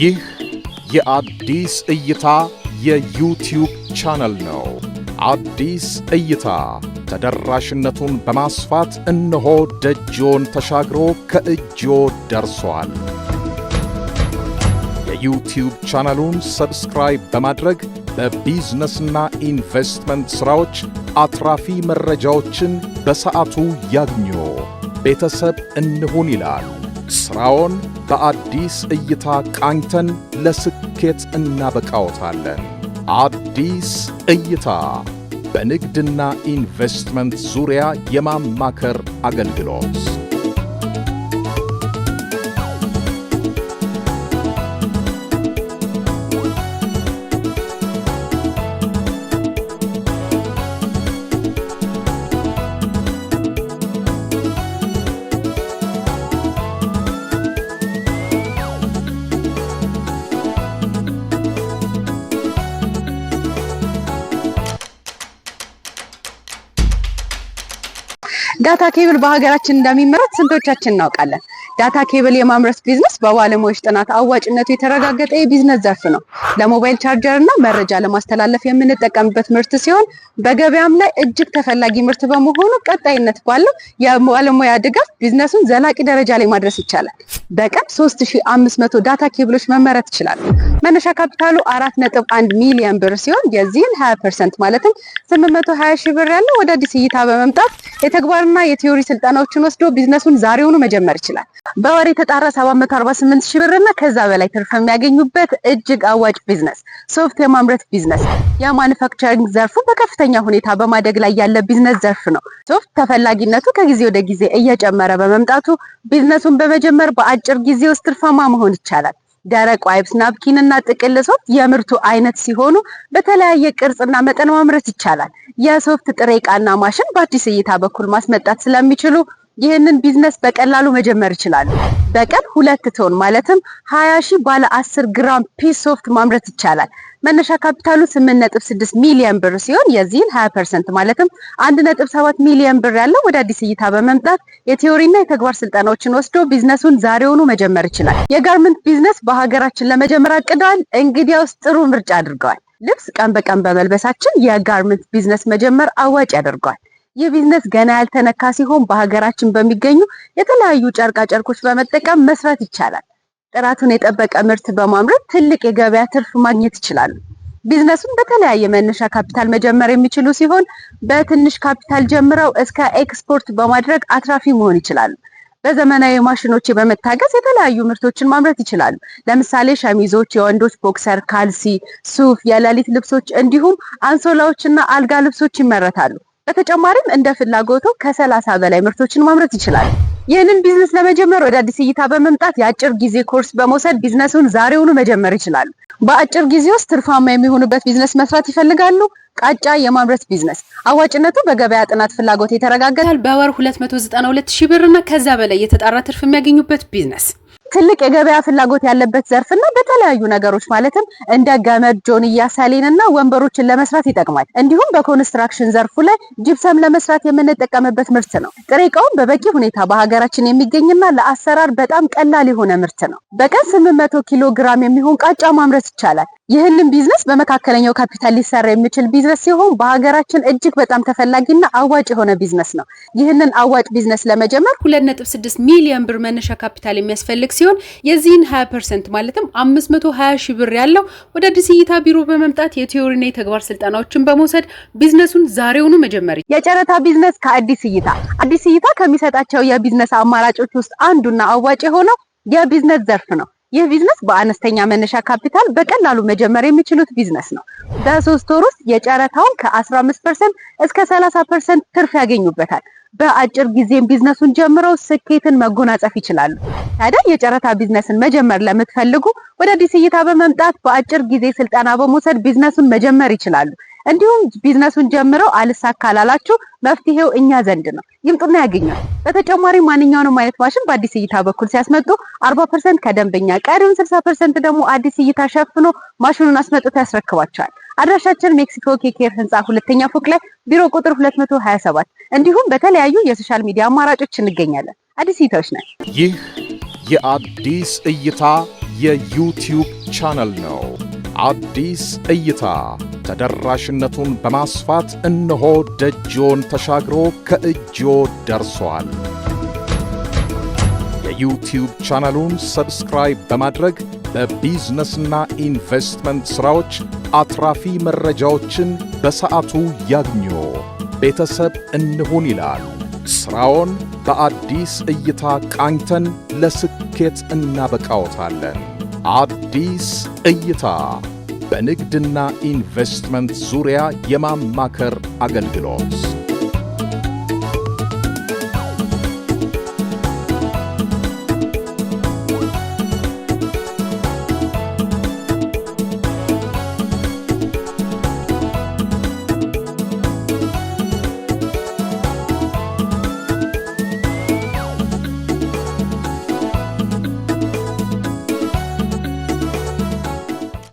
ይህ የአዲስ እይታ የዩቲዩብ ቻናል ነው። አዲስ እይታ ተደራሽነቱን በማስፋት እነሆ ደጅዎን ተሻግሮ ከእጅዎ ደርሷል። የዩቲዩብ ቻናሉን ሰብስክራይብ በማድረግ በቢዝነስና ኢንቨስትመንት ሥራዎች አትራፊ መረጃዎችን በሰዓቱ ያግኙ። ቤተሰብ እንሁን ይላል። ሥራውን በአዲስ እይታ ቃኝተን ለስኬት እናበቃዎታለን። አዲስ እይታ በንግድና ኢንቨስትመንት ዙሪያ የማማከር አገልግሎት ዳታ ኬብል በሀገራችን እንደሚመረት ስንቶቻችን እናውቃለን? ዳታ ኬብል የማምረት ቢዝነስ በባለሙያዎች ጥናት አዋጭነቱ የተረጋገጠ የቢዝነስ ዘርፍ ነው። ለሞባይል ቻርጀር እና መረጃ ለማስተላለፍ የምንጠቀምበት ምርት ሲሆን በገበያም ላይ እጅግ ተፈላጊ ምርት በመሆኑ ቀጣይነት ባለው የባለሙያ ድጋፍ ቢዝነሱን ዘላቂ ደረጃ ላይ ማድረስ ይቻላል። በቀን 3500 ዳታ ኬብሎች መመረት ይችላል። መነሻ ካፒታሉ አራት ነጥብ አንድ ሚሊዮን ብር ሲሆን የዚህን ሀያ ፐርሰንት ማለትም ስምንት መቶ ሀያ ሺህ ብር ያለው ወደ አዲስ እይታ በመምጣት የተግባርና የቲዮሪ ስልጠናዎችን ወስዶ ቢዝነሱን ዛሬውኑ መጀመር ይችላል። በወር የተጣራ ሰባት መቶ አርባ ስምንት ሺህ ብርና ከዛ በላይ ትርፍ የሚያገኙበት እጅግ አዋጭ ቢዝነስ ሶፍት የማምረት ቢዝነስ የማኑፋክቸሪንግ ዘርፉ በከፍተኛ ሁኔታ በማደግ ላይ ያለ ቢዝነስ ዘርፍ ነው። ሶፍት ተፈላጊነቱ ከጊዜ ወደ ጊዜ እየጨመረ በመምጣቱ ቢዝነሱን በመጀመር በአጭር ጊዜ ውስጥ ትርፋማ መሆን ይቻላል። ደረቅ ዋይፕስ፣ ናፕኪን እና ጥቅል ሶፍት የምርቱ አይነት ሲሆኑ በተለያየ ቅርጽና መጠን ማምረት ይቻላል። የሶፍት ጥሬ ዕቃና ማሽን በአዲስ እይታ በኩል ማስመጣት ስለሚችሉ ይህንን ቢዝነስ በቀላሉ መጀመር ይችላሉ። በቀን ሁለት ቶን ማለትም ሀያ ሺህ ባለ አስር ግራም ፒስ ሶፍት ማምረት ይቻላል። መነሻ ካፒታሉ ስምንት ነጥብ ስድስት ሚሊዮን ብር ሲሆን የዚህን ሀያ ፐርሰንት ማለትም አንድ ነጥብ ሰባት ሚሊዮን ብር ያለው ወደ አዲስ እይታ በመምጣት የቴዎሪና የተግባር ስልጠናዎችን ወስዶ ቢዝነሱን ዛሬውኑ መጀመር ይችላል። የጋርመንት ቢዝነስ በሀገራችን ለመጀመር አቅደዋል። እንግዲያውስ ጥሩ ምርጫ አድርገዋል። ልብስ ቀን በቀን በመልበሳችን የጋርመንት ቢዝነስ መጀመር አዋጭ ያደርገዋል። ይህ ቢዝነስ ገና ያልተነካ ሲሆን በሀገራችን በሚገኙ የተለያዩ ጨርቃ ጨርቆች በመጠቀም መስራት ይቻላል። ጥራቱን የጠበቀ ምርት በማምረት ትልቅ የገበያ ትርፍ ማግኘት ይችላሉ። ቢዝነሱን በተለያየ መነሻ ካፒታል መጀመር የሚችሉ ሲሆን በትንሽ ካፒታል ጀምረው እስከ ኤክስፖርት በማድረግ አትራፊ መሆን ይችላሉ። በዘመናዊ ማሽኖች በመታገዝ የተለያዩ ምርቶችን ማምረት ይችላሉ። ለምሳሌ ሸሚዞች፣ የወንዶች ቦክሰር፣ ካልሲ፣ ሱፍ፣ የሌሊት ልብሶች እንዲሁም አንሶላዎችና አልጋ ልብሶች ይመረታሉ። በተጨማሪም እንደ ፍላጎቱ ከሰላሳ በላይ ምርቶችን ማምረት ይችላል። ይህንን ቢዝነስ ለመጀመር ወደ አዲስ እይታ በመምጣት የአጭር ጊዜ ኮርስ በመውሰድ ቢዝነሱን ዛሬውኑ መጀመር ይችላሉ። በአጭር ጊዜ ውስጥ ትርፋማ የሚሆኑበት ቢዝነስ መስራት ይፈልጋሉ? ቃጫ የማምረት ቢዝነስ አዋጭነቱ በገበያ ጥናት ፍላጎት የተረጋገጠ በወር 292 ሺህ ብር ከዛ በላይ የተጣራ ትርፍ የሚያገኙበት ቢዝነስ ትልቅ የገበያ ፍላጎት ያለበት ዘርፍና በተለያዩ ነገሮች ማለትም እንደ ገመድ፣ ጆንያ፣ ሰሌን እና ወንበሮችን ለመስራት ይጠቅማል። እንዲሁም በኮንስትራክሽን ዘርፉ ላይ ጅብሰም ለመስራት የምንጠቀምበት ምርት ነው። ጥሬ እቃውም በበቂ ሁኔታ በሀገራችን የሚገኝና ለአሰራር በጣም ቀላል የሆነ ምርት ነው። በቀን መቶ ኪሎ ግራም የሚሆን ቃጫ ማምረት ይቻላል። ይህንን ቢዝነስ በመካከለኛው ካፒታል ሊሰራ የሚችል ቢዝነስ ሲሆን በሀገራችን እጅግ በጣም ተፈላጊና አዋጭ የሆነ ቢዝነስ ነው። ይህንን አዋጭ ቢዝነስ ለመጀመር 2.6 ሚሊዮን ብር መነሻ ካፒታል የሚያስፈልግ ሲሆን የዚህን 20 ፐርሰንት ማለትም 520 ሺህ ብር ያለው ወደ አዲስ እይታ ቢሮ በመምጣት የቲዎሪና የተግባር ስልጠናዎችን በመውሰድ ቢዝነሱን ዛሬውኑ መጀመር። የጨረታ ቢዝነስ ከአዲስ እይታ። አዲስ እይታ ከሚሰጣቸው የቢዝነስ አማራጮች ውስጥ አንዱና አዋጭ የሆነው የቢዝነስ ዘርፍ ነው። ይህ ቢዝነስ በአነስተኛ መነሻ ካፒታል በቀላሉ መጀመር የሚችሉት ቢዝነስ ነው። በሶስት ወር ውስጥ የጨረታውን ከ15% እስከ 30% ትርፍ ያገኙበታል። በአጭር ጊዜም ቢዝነሱን ጀምረው ስኬትን መጎናጸፍ ይችላሉ። ታዲያ የጨረታ ቢዝነስን መጀመር ለምትፈልጉ ወደ አዲስ እይታ በመምጣት በአጭር ጊዜ ስልጠና በመውሰድ ቢዝነሱን መጀመር ይችላሉ። እንዲሁም ቢዝነሱን ጀምረው አልሳካ ላላችሁ መፍትሄው እኛ ዘንድ ነው፣ ይምጡና ያገኛል። በተጨማሪ ማንኛውንም አይነት ማሽን በአዲስ እይታ በኩል ሲያስመጡ ፐርሰንት ከደንበኛ ቀሪውን ፐርሰንት ደግሞ አዲስ እይታ ሸፍኖ ማሽኑን አስመጥቶ ያስረክባቸዋል። አድራሻችን ሜክሲኮ ኬኬር ህንፃ ሁለተኛ ፎቅ ላይ ቢሮ ቁጥር 227 እንዲሁም በተለያዩ የሶሻል ሚዲያ አማራጮች እንገኛለን። አዲስ እይታዎች ነን። ይህ የአዲስ እይታ የዩቲዩብ ቻናል ነው። አዲስ እይታ ተደራሽነቱን በማስፋት እነሆ ደጅዎን ተሻግሮ ከእጅዎ ደርሷል። የዩቲዩብ ቻናሉን ሰብስክራይብ በማድረግ በቢዝነስና ኢንቨስትመንት ሥራዎች አትራፊ መረጃዎችን በሰዓቱ ያግኙ። ቤተሰብ እንሁን ይላል። ሥራውን በአዲስ እይታ ቃኝተን ለስኬት እናበቃዎታለን። አዲስ እይታ በንግድና ኢንቨስትመንት ዙሪያ የማማከር አገልግሎት